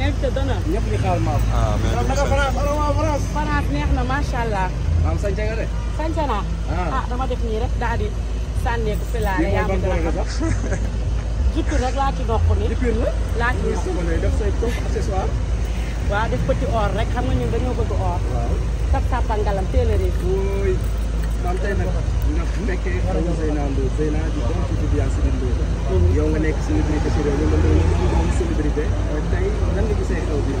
invité d'honneur. ñëpp ñu xaar maam. ah neex na macha allah. maam sañ ca nga de. sañ naa. Ah. ah dama def nii rek daal di sànneeku si laa yaa ngi gën a xam. juppi rek laa ci def say topp accessoire. rek xam nga ñun dañoo bëgg or. waaw tap tapal ngalam téeléer yi. wóoy maam nga fekkee rajo Zeyna ci Viviane mm-hmm. yow nga nekk si nutrité si réew célébrité tey nan nga gisee xew bi.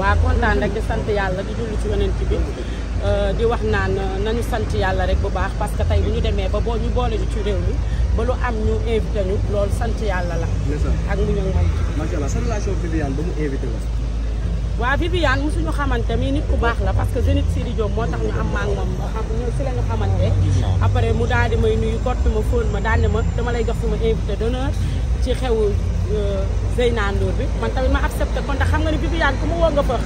waa kontaan rek di sant yàlla di julli ci yonent bi euh, di wax naan euh, nañu sant yàlla rek bu baax parce que tey bu ñu demee ba boo ñu boole ci réew mi ba lu am ñu invité ñu loolu sant yàlla la. ak mu ñëw moom. macha allah sa relation Viviane ba mu invité la. waa Viviane mosuñu xamante mi nit ku baax la parce que Zénith Sidi Diop moo tax ñu am maa ngi moom xam ñu si la ñu xamante. après mu daal di may nuyu kott ma fóon ma daal ne ma dama lay jox sama invité d'honneur ci xew. Zeyna Ndour bi man tamit ma accepté kon ndax xam nga ni Viviane ku mu woo nga fëx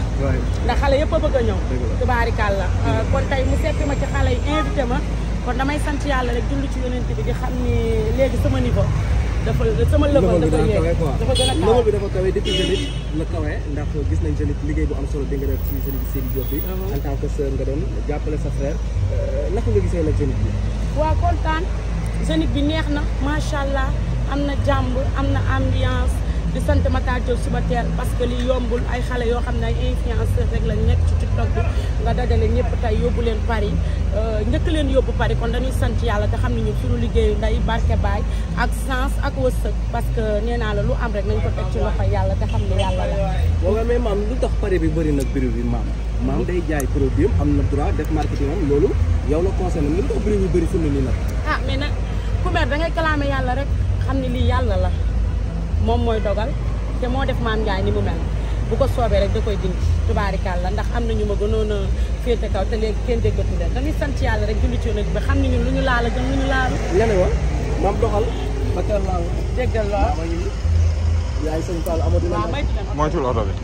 ndax xale yëpp a bëgg a ñëw tubaarikàlla euh, kon tey mu seeti ma ci xale yi invité ma kon damay sant yàlla rek julli ci yonent bi di xam ni léegi sama niveau dafa sama level dafa yéeg dafa gën a kawe level dafa kawe depuis jeunesse la kawe ndax gis nañ jeunesse liggéey bu am solo bi nga def ci jeunesse Sidi Diop bi ah en tant que sœur nga doon jàppale sa frère euh, naka nga gisee nag jeunesse bi waaw kontaan jeunesse bi neex na macha allah am na jàmb am na ambiance di sant Matar Diop suba teel parce que li yombul ay xale yoo xam ne ay influenceurs rek lañ nekk ci TikTok nga dajale ñëpp tey yóbbu leen Paris euh, njëkk leen yóbbu Paris kon dañuy sant yàlla te xam ne ñu suñu liggéeyu nday barke baay ak sens ak wërsëg que nee naa la lu am nañ ko teg ci yàlla te xam ne yàlla la. waaw mais maam lu tax bi bëri na prix bi maam. maam day jaay am na droit def marketing am loolu yow la concerné lu na prix bi bëri ah, yàlla rek. xam ne lii yàlla la moom mooy dogal te moo def maam Ndiaye ni mu mel bu ko soobee rek da koy dindi la ndax am na ñu ma gënoon a féete kaw te léegi kenn déggatu leen dañuy sant yàlla rek julli ci bi xam ne ñun lu ñu laal a gën lu ñu laalu. nga ne woon maam doxal. sëñ Fall Amadou. waaw may moytul oto bi.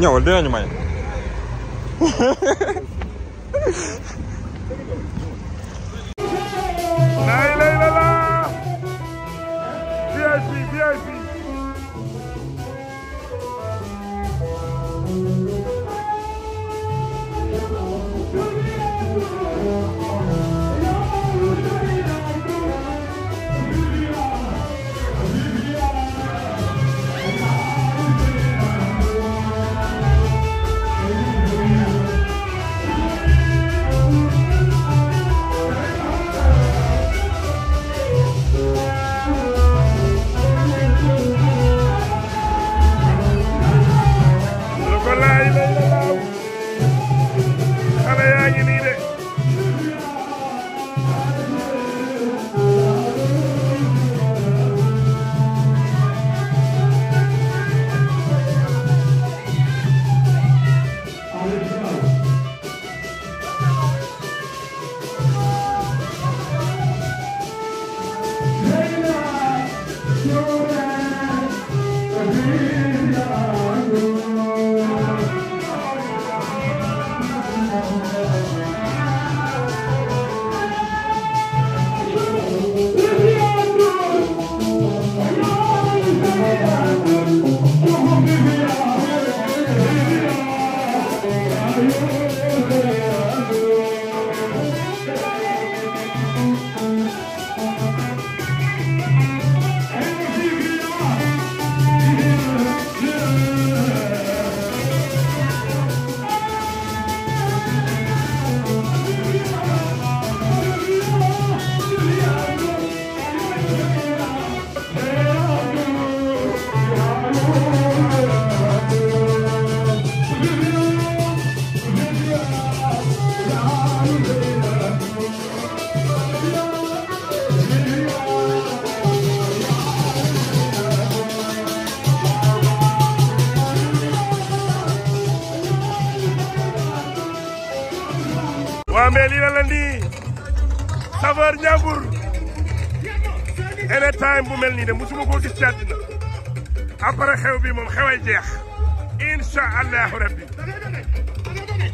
ñëwal VIP, VIP. Thank you. Gambie lii la leen mel nii de musuma koo gis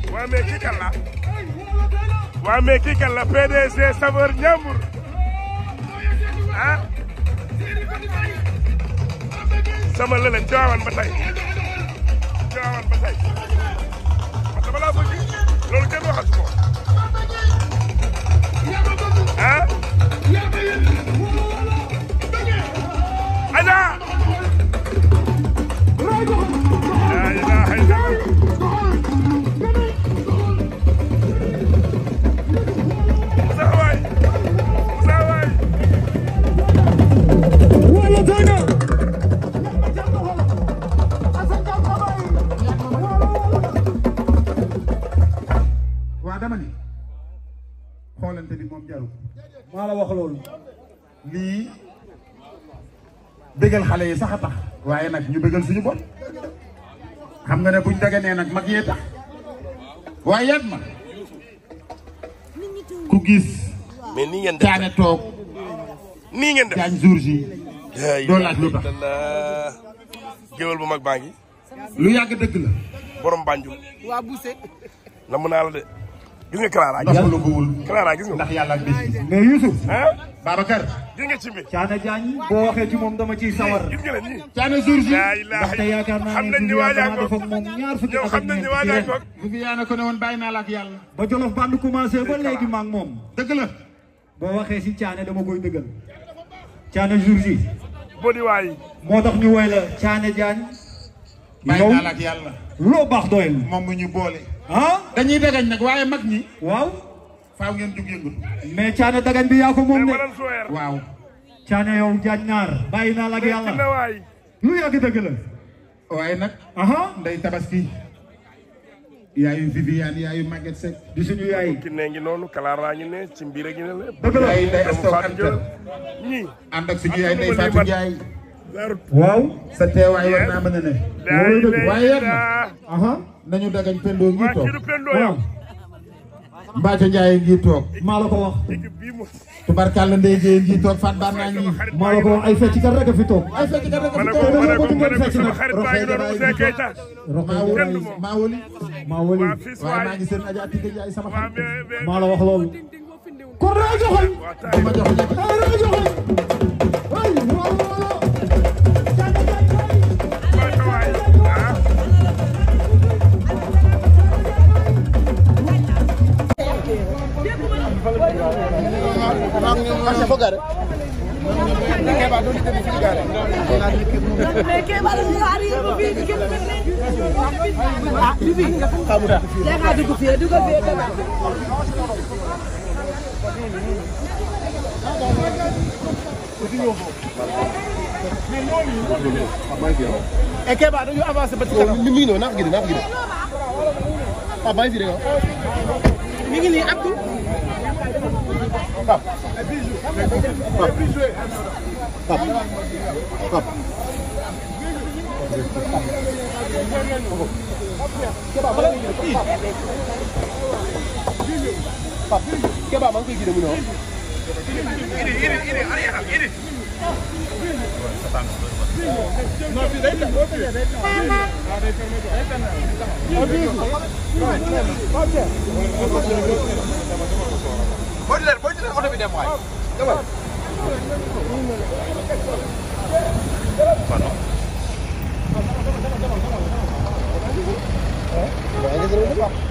waa mais kii kan la waa mais kii kan la PDG Saveur Ndiambour ah sama lële joowan ba loolu kenn waxatu ko ah. Aja. la wax loolu lii xale yi sax a waaye nag ñu bégal suñu bopp xam nga ne buñ daga nee nag mag yee tax waaye yat ma ku gis. mais nii ngeen caane toog. ni ngeen def caañ jour ji. doo laaj lu tax. géwél bu mag baa ngi. lu yàgg dëgg la. borom Banjul. waa naa la de. gis nga Clara gis nga Clara ndax yàlla ak bés mais Youssouf. Babacar. gis nga Cimbe. Caana boo waxee ci moom dama ciy sawar. gis nga leen nii. Caana ndaxte yaakaar naa ne fii yaa damaa def ak moom ñaar fukki at ak ñeent ci ren. bu fi ko ne woon bàyyi naa ak yàlla. ba Jolof band commencé ba léegi maa ngi moom. dëgg la. boo waxee si Caana dama koy dëggal. Caana Zour si. boo di moo tax ñu woy la Caana Diagne. bàyyi naa la yàlla. loo baax doyel moom mu ñu boole ah dañuy dagañ nag waaye mag ñi. waaw. faaw ngeen jug yëngu. caana dagañ bi yaa ko moom de. waaw. caana yow jaañ naar. bàyyi naa la ak yàlla. lu yàgg waaye nag. ndey tabaski. yaayu Viviane yaayu Maguette Seck. di suñu yaayu. ki ne ngi noonu kalaaraa ngi ne ci yaay waaw. sa teewaay war naa mën ne. waaye yàgg na. nañu dagañ pendoo ngi toog waaw Mbacke Ndiaye ngi toog maa la ko wax tubarkàlla Ndeye Dieye ngi toog Fat Ba naa ngi maa ko wax ay feccikat rek a fi toog ay feccikat rek a fi toog dañoo bëgg ngeen fecc woli maa woli waaye maa ngi seen Adja Atiké Ndiaye sama xarit maa la wax loolu kon raa joxoñ ma ah li fi xamu da nga dugg fii dugg fii e ke ba dañu avancé ba ci kanam mi ngi noonu naa ko gis naa ko gis ah bàyyi fi rek mi ngi nii Abdou Pape Pape Pape Pape Keba maa ngi koy gis mu ne woon. boo di leen boo di leen oto bi dem waay.